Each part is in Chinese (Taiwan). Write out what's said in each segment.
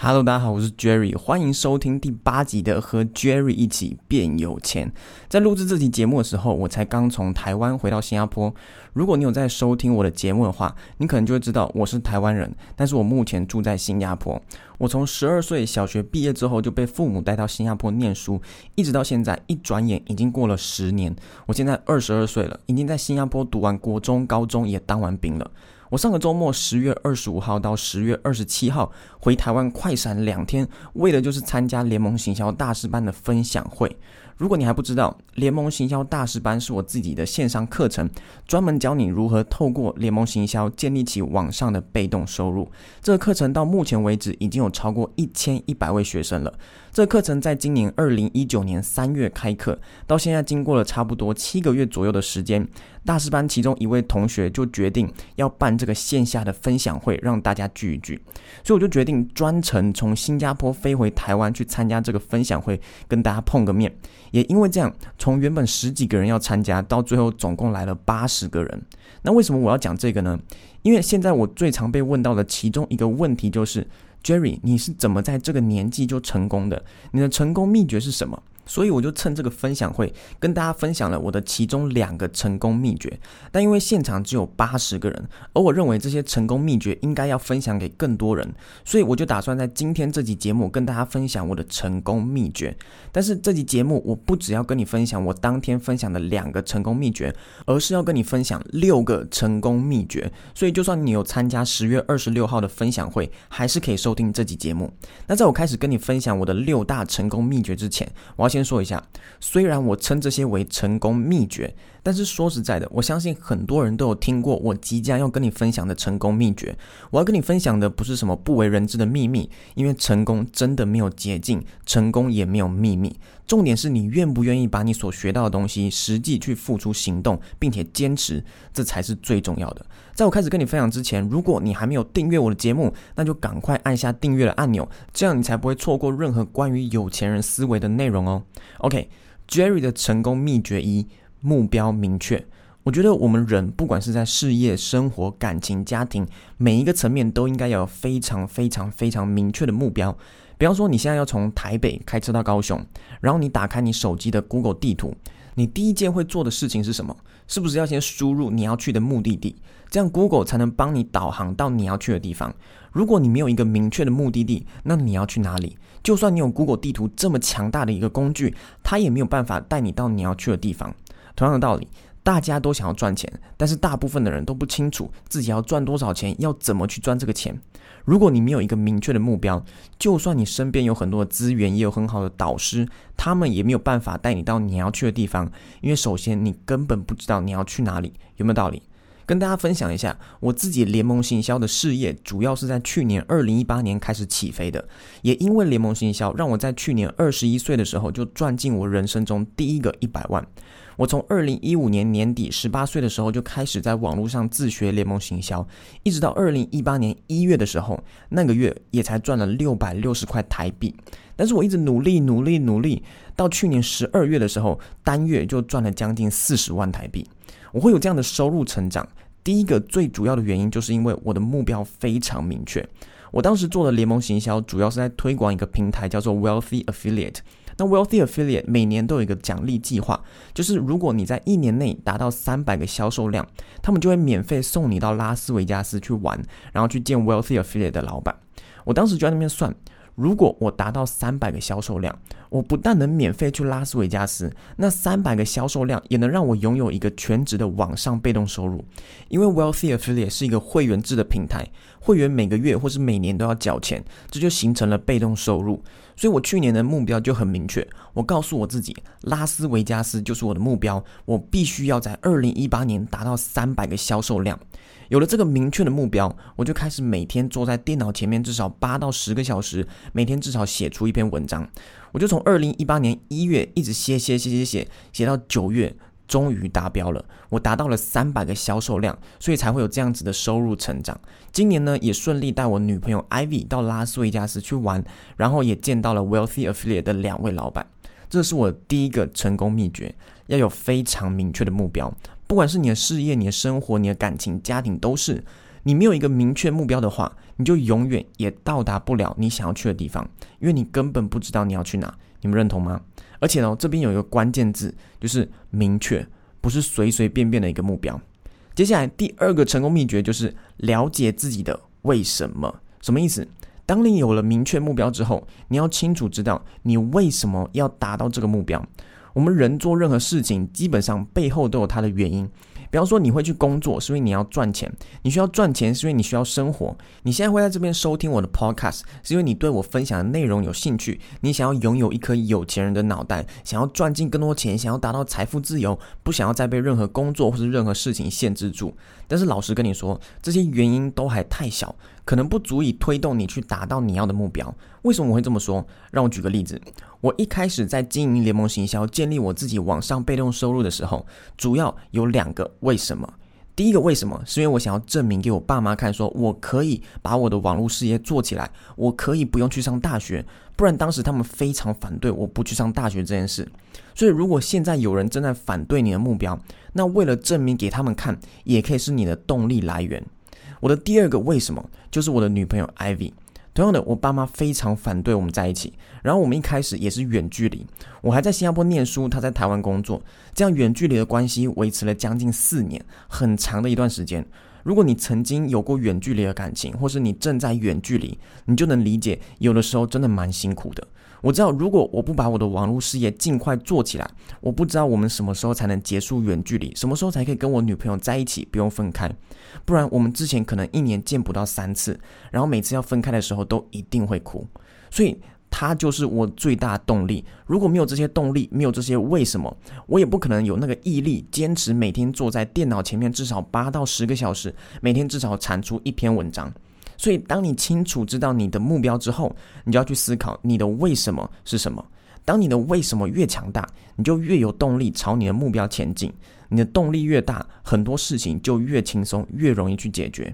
哈嘍，大家好，我是 Jerry，歡迎收聽第八集的《和 Jerry 一起變有錢》。在錄制這期節目的時候，我才剛從台灣回到新加坡。如果你有在收聽我的節目的話，你可能就會知道我是台灣人，但是我目前住在新加坡。我從十二歲小學畢業之後就被父母帶到新加坡念書，一直到現在，一轉眼已經過了十年。我現在二十二歲了，已經在新加坡讀完國中、高中，也當完兵了。我上個周末，十月二十五號到十月二十七號回台灣快閃兩天，為的就是參加聯盟行銷大師班的分享會。如果你還不知道，聯盟行銷大師班是我自己的線上課程，專門教你如何透過聯盟行銷建立起網上的被動收入。這個課程到目前為止已經有超過一千一百位學生了。這個課程在今年二零一九年三月開課，到現在經過了差不多七個月左右的時間。大師班其中一位同學就決定要辦這個線下的分享會，讓大家聚一聚，所以我就決定專程從新加坡飛回台灣去參加這個分享會，跟大家碰個面。也因為這樣，從原本十幾個人要參加，到最後總共來了八十個人。那為什麼我要講這個呢？因為現在我最常被問到的其中一個問題就是。Jerry，你是怎麼在這個年紀就成功的？你的成功秘訣是什麼？所以我就趁這個分享會跟大家分享了我的其中兩個成功秘訣，但因為現場只有八十個人，而我認為這些成功秘訣應該要分享給更多人，所以我就打算在今天這集節目跟大家分享我的成功秘訣。但是這集節目我不只要跟你分享我當天分享的兩個成功秘訣，而是要跟你分享六個成功秘訣。所以就算你有參加十月二十六號的分享會，還是可以收聽這集節目。那在我開始跟你分享我的六大成功秘訣之前，我要先。先說一下，雖然我稱這些為成功秘訣，但是說實在的，我相信很多人都有聽過我即將要跟你分享的成功秘訣。我要跟你分享的不是什麼不為人知的秘密，因為成功真的沒有捷徑，成功也沒有秘密。重點是你願不願意把你所學到的東西實際去付出行動，並且堅持，這才是最重要的。在我開始跟你分享之前，如果你還沒有訂閱我的節目，那就趕快按下訂閱的按鈕，這樣你才不會錯過任何關於有錢人思維的內容哦。OK，Jerry、okay, 的成功秘訣一：目標明確。我覺得我們人不管是在事業、生活、感情、家庭，每一個層面都應該要有非常非常非常明確的目標。比方說，你現在要從台北開車到高雄，然後你打開你手機的 Google 地圖，你第一件會做的事情是什麼？是不是要先輸入你要去的目的地？這樣 Google 才能幫你導航到你要去的地方。如果你沒有一個明確的目的地，那你要去哪裡？就算你有 Google 地圖這麼強大的一個工具，它也沒有辦法帶你到你要去的地方。同樣的道理。大家都想要賺錢，但是大部分的人都不清楚自己要賺多少錢，要怎麼去賺這個錢。如果你沒有一個明確的目標，就算你身邊有很多的資源，也有很好的導師，他們也沒有辦法帶你到你要去的地方，因為首先你根本不知道你要去哪裡，有沒有道理？跟大家分享一下，我自己聯盟行銷的事業，主要是在去年二零一八年開始起飛的。也因為聯盟行銷，讓我在去年二十一歲的時候就賺進我人生中第一個一百萬。我從二零一五年年底十八歲的時候就開始在網絡上自學聯盟行銷，一直到二零一八年一月的時候，那個月也才賺了六百六十塊台幣。但是我一直努力努力努力，到去年十二月的時候，單月就賺了將近四十萬台幣。我會有這樣的收入成長。第一個最主要的原因，就是因為我的目標非常明確。我當時做的聯盟行銷，主要是在推廣一個平台，叫做 Wealthy Affiliate。那 Wealthy Affiliate 每年都有一個獎勵計劃，就是如果你在一年內達到三百個銷售量，他們就會免費送你到拉斯維加斯去玩，然後去見 Wealthy Affiliate 的老闆。我當時就在那邊算。如果我達到三百個銷售量，我不但能免費去拉斯維加斯，那三百個銷售量也能讓我擁有一個全職的網上被動收入。因為 Wealthy Affiliate 是一個會員制的平台，會員每個月或是每年都要繳錢，這就形成了被動收入。所以，我去年的目標就很明確。我告訴我自己，拉斯維加斯就是我的目標。我必須要在二零一八年達到三百個銷售量。有了這個明確的目標，我就開始每天坐在電腦前面至少八到十個小時，每天至少寫出一篇文章。我就從二零一八年一月一直寫寫寫寫寫寫到九月。終於達標了，我達到了三百個銷售量，所以才會有這樣子的收入成長。今年呢，也順利帶我女朋友 Ivy 到拉斯維加斯去玩，然後也見到了 Wealthy Affiliate 的兩位老闆。這是我第一個成功秘訣，要有非常明確的目標。不管是你的事業、你的生活、你的感情、家庭，都是你沒有一個明確目標的話，你就永遠也到達不了你想要去的地方，因為你根本不知道你要去哪。你們認同嗎？而且呢，哦，這邊有一個關鍵字，就是明確，不是隨隨便便的一個目標。接下來第二個成功秘訣就是了解自己的為什麼。什麼意思？當你有了明確目標之後，你要清楚知道你為什麼要達到這個目標。我們人做任何事情，基本上背後都有它的原因。比方說，你會去工作，是因為你要賺錢；你需要賺錢，是因為你需要生活。你現在會在這邊收聽我的 Podcast，是因為你對我分享的內容有興趣。你想要擁有一顆有錢人的腦袋，想要賺進更多錢，想要達到財富自由，不想要再被任何工作或是任何事情限制住。但是，老實跟你說，這些原因都還太小。可能不足以推動你去達到你要的目標。為什麼我會這麼說？讓我舉個例子。我一開始在經營聯盟行銷，建立我自己網上被動收入的時候，主要有兩個為什麼。第一個為什麼是因為我想要證明給我爸媽看，說我可以把我的網絡事業做起來，我可以不用去上大學。不然當時他們非常反對我不去上大學這件事。所以如果現在有人正在反對你的目標，那為了證明給他們看，也可以是你的動力來源。我的第二個為什麼就是我的女朋友 Ivy，同樣的，我爸媽非常反對我們在一起。然後我們一開始也是遠距離，我還在新加坡念書，她在台灣工作，這樣遠距離的關係維持了將近四年，很長的一段時間。如果你曾經有過遠距離的感情，或是你正在遠距離，你就能理解，有的時候真的蠻辛苦的。我知道，如果我不把我的網絡事業盡快做起來，我不知道我們什麼時候才能結束遠距離，什麼時候才可以跟我女朋友在一起，不用分開。不然我們之前可能一年見不到三次，然後每次要分開的時候都一定會哭。所以，它就是我最大動力。如果沒有這些動力，沒有這些為什麼，我也不可能有那個毅力，堅持每天坐在電腦前面至少八到十個小時，每天至少產出一篇文章。所以，當你清楚知道你的目標之後，你就要去思考你的為什麼是什麼。當你的為什麼越強大，你就越有動力朝你的目標前進。你的動力越大，很多事情就越輕鬆，越容易去解決。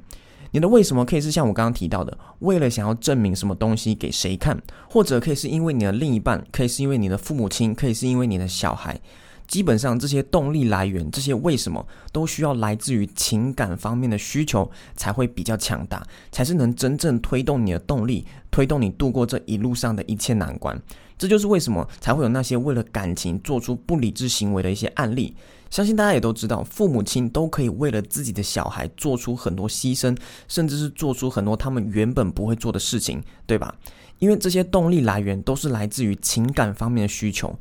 你的為什麼可以是像我剛剛提到的，為了想要證明什麼東西給誰看，或者可以是因為你的另一半，可以是因為你的父母親，可以是因為你的小孩。基本上，這些動力來源，這些為什麼都需要來自於情感方面的需求，才會比較強大，才是能真正推動你的動力，推動你度過這一路上的一切難關。這就是為什麼才會有那些為了感情做出不理智行為的一些案例。相信大家也都知道，父母親都可以為了自己的小孩做出很多犧牲，甚至是做出很多他們原本不會做的事情，對吧？因為這些動力來源都是來自於情感方面的需求。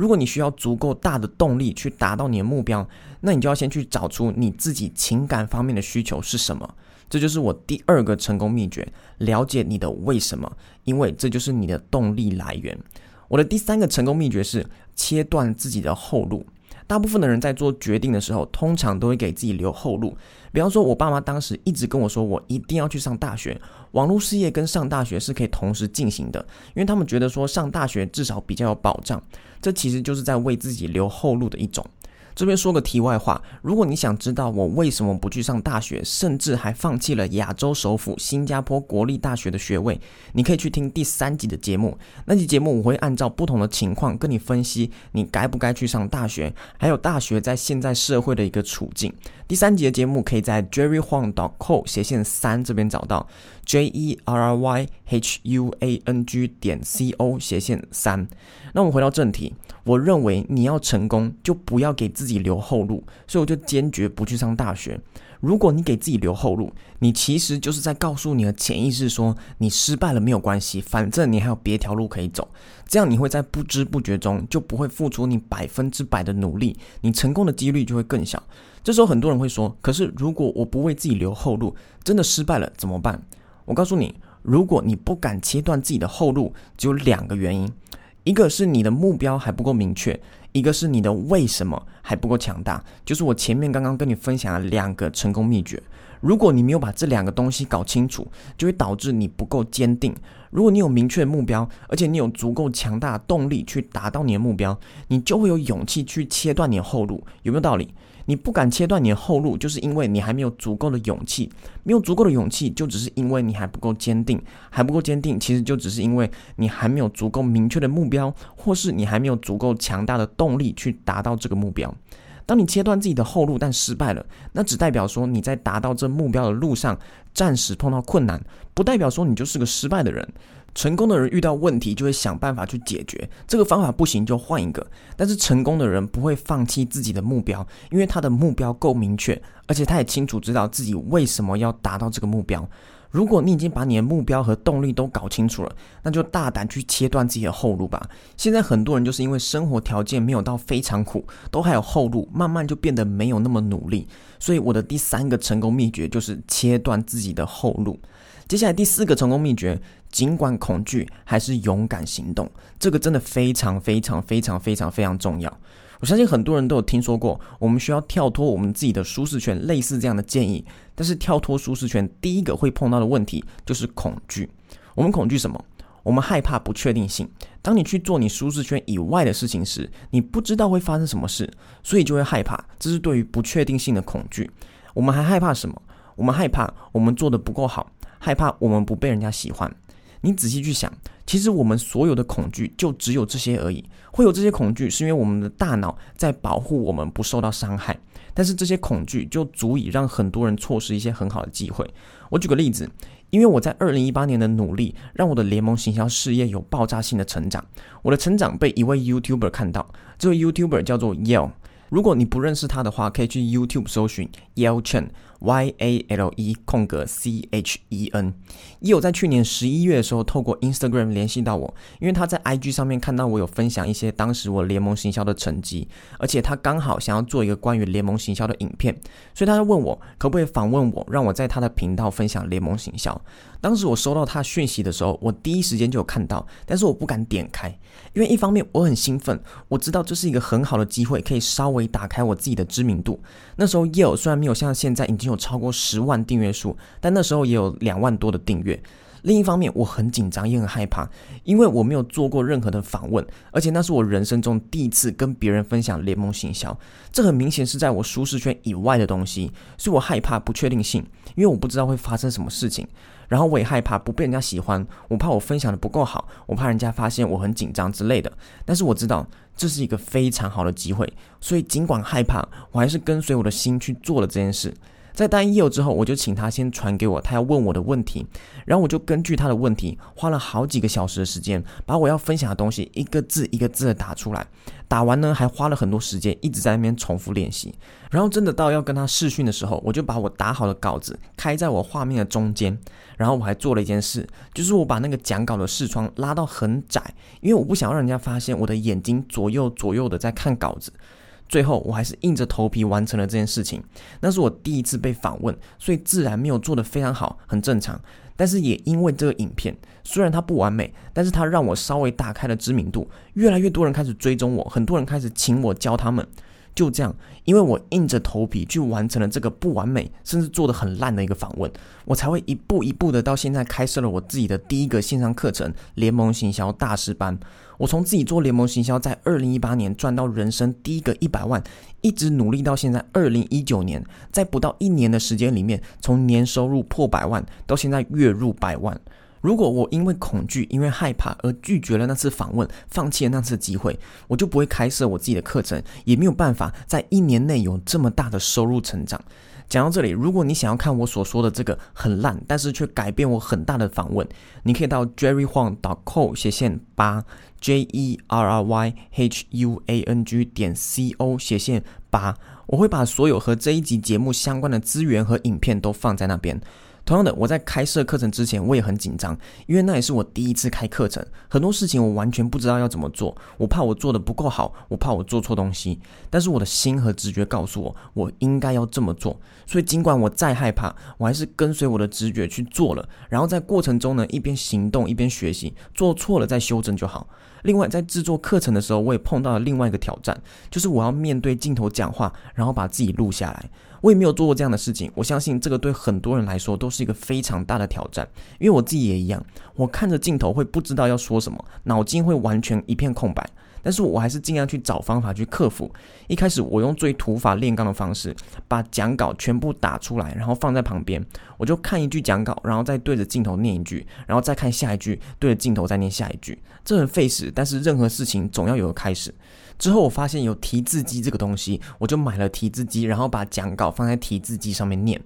如果你需要足夠大的動力去達到你的目標，那你就要先去找出你自己情感方面的需求是什麼。這就是我第二個成功秘訣，了解你的為什麼，因為這就是你的動力來源。我的第三個成功秘訣是切斷自己的後路。大部分的人在做決定的時候，通常都會給自己留後路。比方說，我爸媽當時一直跟我說，我一定要去上大學，網絡事業跟上大學是可以同時進行的，因為他們覺得說上大學至少比較有保障。這其實就是在為自己留後路的一種。這邊說個題外話，如果你想知道我為什麼不去上大學，甚至還放棄了亞洲首府新加坡國立大學的學位，你可以去聽第三集的節目。那集節目我會按照不同的情況跟你分析你該不該去上大學，還有大學在現在社會的一個處境。第三集的節目可以在 Jerry Huang dot co 斜線三這邊找到。J E R R Y H U A N G 點 C O 斜線三。那我們回到正題，我認為你要成功，就不要給自己留後路。所以我就堅決不去上大學。如果你給自己留後路，你其實就是在告訴你的潛意識說，你失敗了沒有關係，反正你還有別條路可以走。這樣你會在不知不覺中就不會付出你百分之百的努力，你成功的幾率就會更小。這時候很多人會說，可是如果我不為自己留後路，真的失敗了怎麼辦？我告訴你，如果你不敢切斷自己的後路，只有兩個原因：一個是你的目標還不夠明確，一個是你的為什麼還不夠強大。就是我前面剛剛跟你分享的兩個成功秘訣。如果你沒有把這兩個東西搞清楚，就會導致你不夠堅定。如果你有明確的目標，而且你有足夠強大的動力去達到你的目標，你就會有勇氣去切斷你的後路。有沒有道理？你不敢切斷你的後路，就是因為你還沒有足夠的勇氣。沒有足夠的勇氣，就只是因為你還不夠堅定。還不夠堅定，其實就只是因為你還沒有足夠明確的目標，或是你還沒有足夠強大的動力去達到這個目標。當你切斷自己的後路，但失敗了，那只代表說你在達到這目標的路上暫時碰到困難，不代表說你就是個失敗的人。成功的人遇到問題就會想辦法去解決，這個方法不行就換一個。但是成功的人不會放棄自己的目標，因為他的目標夠明確，而且他也清楚知道自己為什麼要達到這個目標。如果你已經把你的目標和動力都搞清楚了，那就大膽去切斷自己的後路吧。現在很多人就是因為生活條件沒有到非常苦，都還有後路，慢慢就變得沒有那麼努力。所以我的第三個成功秘訣就是切斷自己的後路。接下來第四個成功秘訣，儘管恐懼，還是勇敢行動。這個真的非常非常非常非常非常重要。我相信很多人都有聽說過，我們需要跳脫我們自己的舒適圈，類似這樣的建議。但是跳脫舒適圈，第一個會碰到的問題就是恐懼。我們恐懼什麼？我們害怕不確定性。當你去做你舒適圈以外的事情時，你不知道會發生什麼事，所以就會害怕。這是對於不確定性的恐懼。我們還害怕什麼？我們害怕我們做得不夠好。害怕我們不被人家喜歡。你仔細去想，其實我們所有的恐懼就只有這些而已。會有這些恐懼，是因為我們的大腦在保護我們不受到傷害。但是這些恐懼就足以讓很多人錯失一些很好的機會。我舉個例子，因為我在二零一八年的努力，讓我的聯盟行銷事業有爆炸性的成長。我的成長被一位 YouTuber 看到，這位 YouTuber 叫做 Yale。如果你不認識他的話，可以去 YouTube 搜尋 Yale Chen。Y A L E 空格 C H E N 也有在去年十一月的時候，透過 Instagram 聯繫到我，因為他在 IG 上面看到我有分享一些當時我聯盟行銷的成績，而且他剛好想要做一個關於聯盟行銷的影片，所以他就問我可不可以訪問我，讓我在他的頻道分享聯盟行銷。當時我收到他訊息的時候，我第一時間就有看到，但是我不敢點開，因為一方面我很興奮，我知道這是一個很好的機會，可以稍微打開我自己的知名度。那時候 Yale 雖然沒有像現在已經有超過十萬訂閱數，但那時候也有兩萬多的訂閱。另一方面，我很緊張，也很害怕，因為我沒有做過任何的訪問，而且那是我人生中第一次跟別人分享聯盟行銷，這很明顯是在我舒適圈以外的東西，所以我害怕不確定性，因為我不知道會發生什麼事情。然後我也害怕不被人家喜歡，我怕我分享得不夠好，我怕人家發現我很緊張之類的。但是我知道這是一個非常好的機會，所以盡管害怕，我還是跟隨我的心去做了這件事。在答應邀約之後，我就請他先傳給我他要問我的問題，然後我就根據他的問題花了好幾個小時的時間，把我要分享的東西一個字一個字的打出來。打完呢，還花了很多時間一直在那邊重複練習。然後真的到要跟他視訊的時候，我就把我打好的稿子開在我畫面的中間，然後我還做了一件事，就是我把那個講稿的視窗拉到很窄，因為我不想讓人家發現我的眼睛左右左右的在看稿子。最後，我還是硬着頭皮完成了這件事情。那是我第一次被訪問，所以自然沒有做得非常好，很正常。但是也因為這個影片，雖然它不完美，但是它讓我稍微打開了知名度，越來越多人開始追蹤我，很多人開始請我教他們。就這樣，因為我硬着頭皮去完成了這個不完美，甚至做得很爛的一個訪問，我才會一步一步的到現在開設了我自己的第一個線上課程——聯盟行銷大師班。我從自己做聯盟行銷，在二零一八年賺到人生第一個一百萬，一直努力到現在，二零一九年，在不到一年的時間裡面，從年收入破百萬到現在月入百萬。如果我因為恐懼、因為害怕而拒絕了那次訪問，放棄了那次機會，我就不會開設我自己的課程，也沒有辦法在一年內有這麼大的收入成長。講到這裡，如果你想要看我所說的這個很爛，但是卻改變我很大的訪問，你可以到 Jerry Huang 點 Co 斜線八 J E R R Y H U A N G 點 C O 斜線八，我會把所有和這一集節目相關的資源和影片都放在那邊。同樣的，我在開設課程之前，我也很緊張，因為那也是我第一次開課程，很多事情我完全不知道要怎麼做，我怕我做得不夠好，我怕我做錯東西。但是我的心和直覺告訴我，我應該要這麼做。所以，儘管我再害怕，我還是跟隨我的直覺去做了。然後在過程中呢，一邊行動一邊學習，做錯了再修正就好。另外，在製作課程的時候，我也碰到了另外一個挑戰，就是我要面對鏡頭講話，然後把自己錄下來。我也沒有做過這樣的事情，我相信這個對很多人來說都是一個非常大的挑戰，因為我自己也一樣，我看着鏡頭會不知道要說什麼，腦筋會完全一片空白。但是我還是盡量去找方法去克服。一開始我用最土法煉鋼的方式，把講稿全部打出來，然後放在旁邊，我就看一句講稿，然後再對着鏡頭念一句，然後再看下一句，對着鏡頭再念下一句。這很費時，但是任何事情總要有個開始。之後我發現有提字機這個東西，我就買了提字機，然後把講稿放在提字機上面念。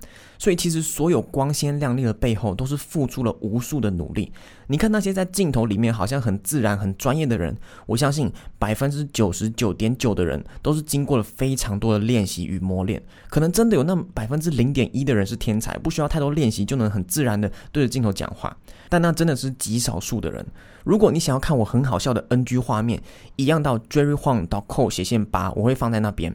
所以，其實所有光鮮亮麗的背後，都是付出了無數的努力。你看那些在鏡頭裡面好像很自然、很專業的人，我相信百分之九十九點九的人，都是經過了非常多的練習與磨練。可能真的有那百分之零點一的人是天才，不需要太多練習就能很自然的對着鏡頭講話，但那真的是極少數的人。如果你想要看我很好笑的 NG 畫面，一樣到 Jerry Huang 到 .co 扣斜線八，我會放在那邊。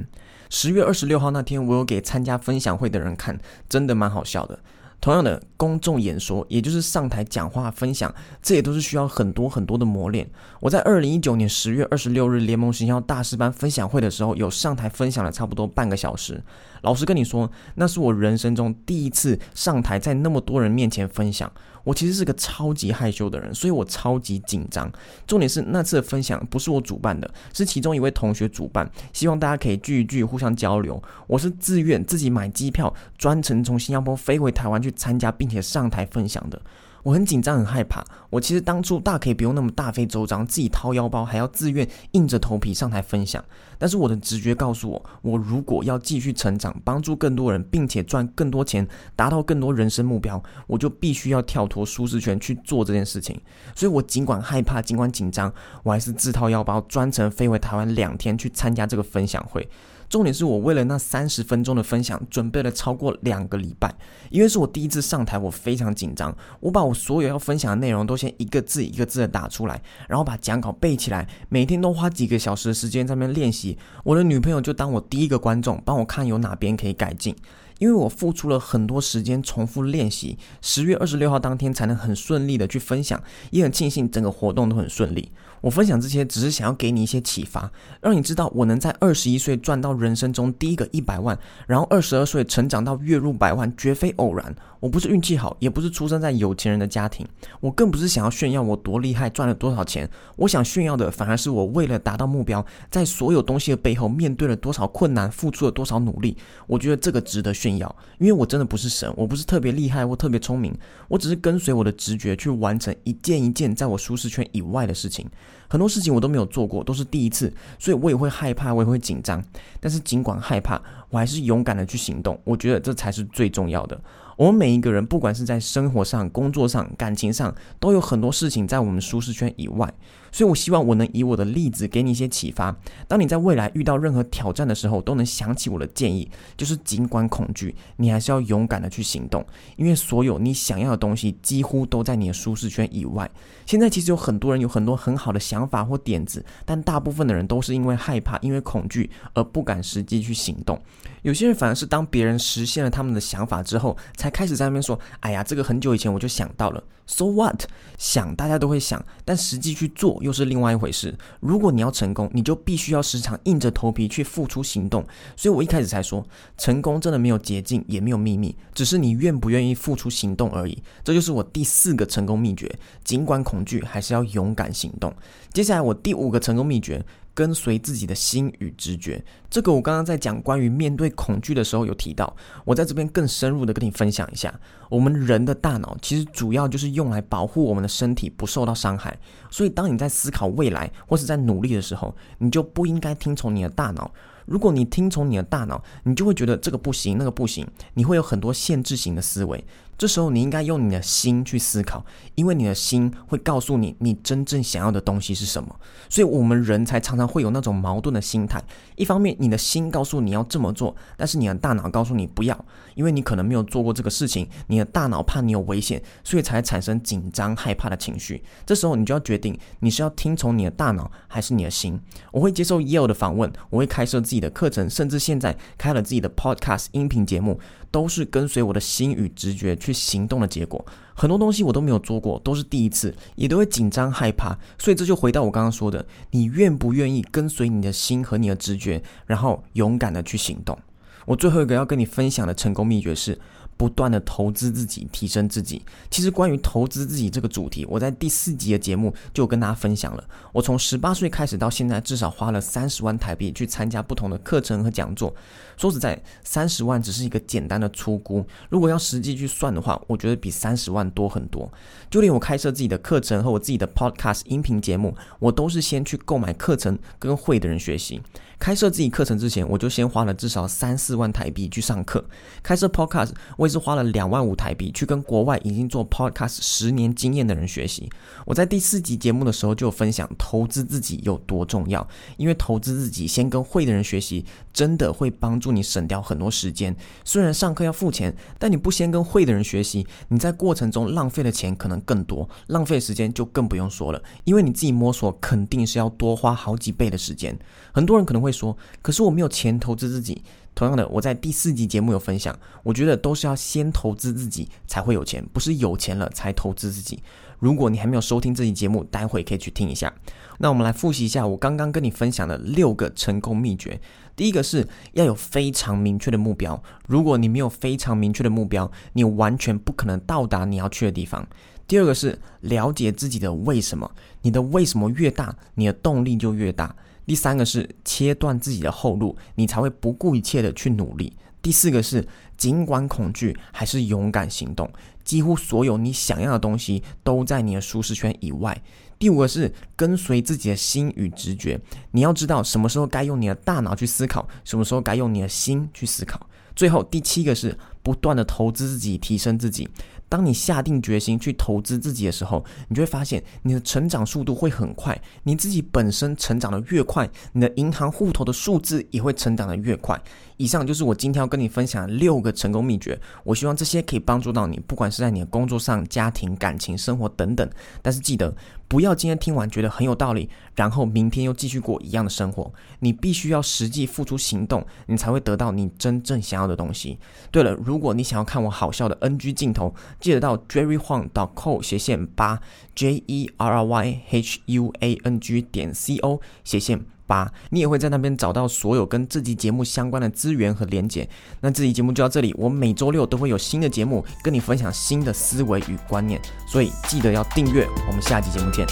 十月二十六號那天，我有給參加分享會的人看，真的蠻好笑的。同樣的，公眾演說，也就是上台講話分享，這也都是需要很多很多的磨練。我在二零一九年十月二十六日聯盟行銷大師班分享會的時候，有上台分享了差不多半個小時。老實跟你說，那是我人生中第一次上台，在那麼多人面前分享。我其實是個超級害羞的人，所以我超級緊張。重點是那次的分享不是我主辦的，是其中一位同學主辦。希望大家可以聚一聚，互相交流。我是自願自己買機票，專程從新加坡飛回台灣去參加，並且上台分享的。我很緊張，很害怕。我其實當初大可以不用那麼大費周章，自己掏腰包，還要自願硬着頭皮上台分享。但是我的直覺告訴我，我如果要繼續成長，幫助更多人，並且賺更多錢，達到更多人生目標，我就必須要跳脫舒適圈去做這件事情。所以，我儘管害怕，儘管緊張，我還是自掏腰包，專程飛回台灣兩天去參加這個分享會。重點是我為了那三十分鐘的分享，準備了超過兩個禮拜，因為是我第一次上台，我非常緊張。我把我所有要分享的內容都先一個字一個字的打出來，然後把講稿背起來，每天都花幾個小時的時間在那邊練習。我的女朋友就當我第一個觀眾，幫我看有哪邊可以改進。因為我付出了很多時間重複練習，十月二十六號當天才能很順利的去分享，也很慶幸整個活動都很順利。我分享這些，只是想要給你一些啟發，讓你知道我能在二十一歲賺到人生中第一個一百萬，然後二十二歲成長到月入百萬，絕非偶然。我不是運氣好，也不是出生在有錢人的家庭，我更不是想要炫耀我多厲害，賺了多少錢。我想炫耀的，反而是我為了達到目標，在所有東西的背後面對了多少困難，付出了多少努力。我覺得這個值得炫耀，因為我真的不是神，我不是特別厲害或特別聰明，我只是跟隨我的直覺去完成一件一件在我舒適圈以外的事情。很多事情我都沒有做過，都是第一次，所以我也會害怕，我也會緊張。但是儘管害怕，我還是勇敢的去行動。我覺得這才是最重要的。我們每一個人，不管是在生活上、工作上、感情上，都有很多事情在我們舒適圈以外。所以，我希望我能以我的例子給你一些啟發。當你在未來遇到任何挑戰的時候，都能想起我的建議，就是儘管恐懼，你還是要勇敢的去行動。因為所有你想要的東西，幾乎都在你的舒適圈以外。現在其實有很多人有很多很好的想法或點子，但大部分的人都是因為害怕、因為恐懼而不敢實際去行動。有些人反而是當別人實現了他們的想法之後，才開始在那邊說：“哎呀，這個很久以前我就想到了。”So what？想，大家都會想，但實際去做。又是另外一回事。如果你要成功，你就必須要時常硬着頭皮去付出行動。所以我一開始才說，成功真的沒有捷徑，也沒有秘密，只是你願不願意付出行動而已。這就是我第四個成功秘訣。儘管恐懼，還是要勇敢行動。接下來我第五個成功秘訣。跟隨自己的心與直覺，這個我剛剛在講關於面對恐懼的時候有提到。我在這邊更深入的跟你分享一下，我們人的大腦其實主要就是用來保護我們的身體不受到傷害。所以，當你在思考未來或是在努力的時候，你就不應該聽從你的大腦。如果你聽從你的大腦，你就會覺得這個不行，那個不行，你會有很多限制性的思維。這時候，你應該用你的心去思考，因為你的心會告訴你你真正想要的東西是什麼。所以，我們人才常常會有那種矛盾的心態。一方面，你的心告訴你要這麼做，但是你的大腦告訴你不要，因為你可能沒有做過這個事情，你的大腦怕你有危險，所以才產生緊張害怕的情緒。這時候，你就要決定你是要聽從你的大腦還是你的心。我會接受 Yell 的訪問，我會開設自己的課程，甚至現在開了自己的 Podcast 音頻節目，都是跟隨我的心與直覺去行動的結果，很多東西我都沒有做過，都是第一次，也都會緊張害怕，所以這就回到我剛剛說的，你願不願意跟隨你的心和你的直覺，然後勇敢的去行動。我最後一個要跟你分享的成功秘訣是。不斷的投資自己，提升自己。其實關於投資自己這個主題，我在第四集的節目就跟大家分享了。我從十八歲開始到現在，至少花了三十萬台幣去參加不同的課程和講座。說實在，三十萬只是一個簡單的粗估，如果要實際去算的話，我覺得比三十萬多很多。就連我開設自己的課程和我自己的 podcast 音頻節目，我都是先去購買課程跟會的人學習。開設自己課程之前，我就先花了至少三四萬台幣去上課。開設 podcast，我。是花了兩萬五台幣去跟國外已經做 podcast 十年經驗的人學習。我在第四集節目的時候就有分享投資自己有多重要，因為投資自己先跟會的人學習，真的會幫助你省掉很多時間。雖然上課要付錢，但你不先跟會的人學習，你在過程中浪費的錢可能更多，浪費的時間就更不用說了。因為你自己摸索，肯定是要多花好幾倍的時間。很多人可能會說：“可是我沒有錢投資自己。”同樣的，我在第四集節目有分享，我覺得都是要先投資自己才會有錢，不是有錢了才投資自己。如果你還沒有收聽這期節目，待會可以去聽一下。那我們來復習一下我剛剛跟你分享的六個成功秘訣。第一個是要有非常明確的目標，如果你沒有非常明確的目標，你完全不可能到達你要去的地方。第二個是了解自己的為什麼，你的為什麼越大，你的動力就越大。第三個是切斷自己的後路，你才會不顧一切的去努力。第四個是儘管恐懼還是勇敢行動，幾乎所有你想要的東西都在你的舒適圈以外。第五個是跟隨自己的心與直覺，你要知道什麼時候該用你的大腦去思考，什麼時候該用你的心去思考。最後第七個是不斷的投資自己，提升自己。當你下定決心去投資自己的時候，你就會發現你的成長速度會很快。你自己本身成長的越快，你的銀行戶頭的數字也會成長的越快。以上就是我今天要跟你分享的六個成功秘訣，我希望這些可以幫助到你，不管是在你的工作上、家庭、感情、生活等等。但是記得，不要今天聽完覺得很有道理，然後明天又繼續過一樣的生活。你必須要實際付出行動，你才會得到你真正想要的東西。對了，如果你想要看我好笑的 NG 鏡頭，記得到 jerryhuang 點 co 斜線八 j e r r y h u a n g 點 c o 斜線。八，你也會在那邊找到所有跟這期節目相關的資源和連結。那這期節目就到這裡，我每周六都會有新的節目跟你分享新的思維與觀念，所以記得要訂閱。我們下期節目見。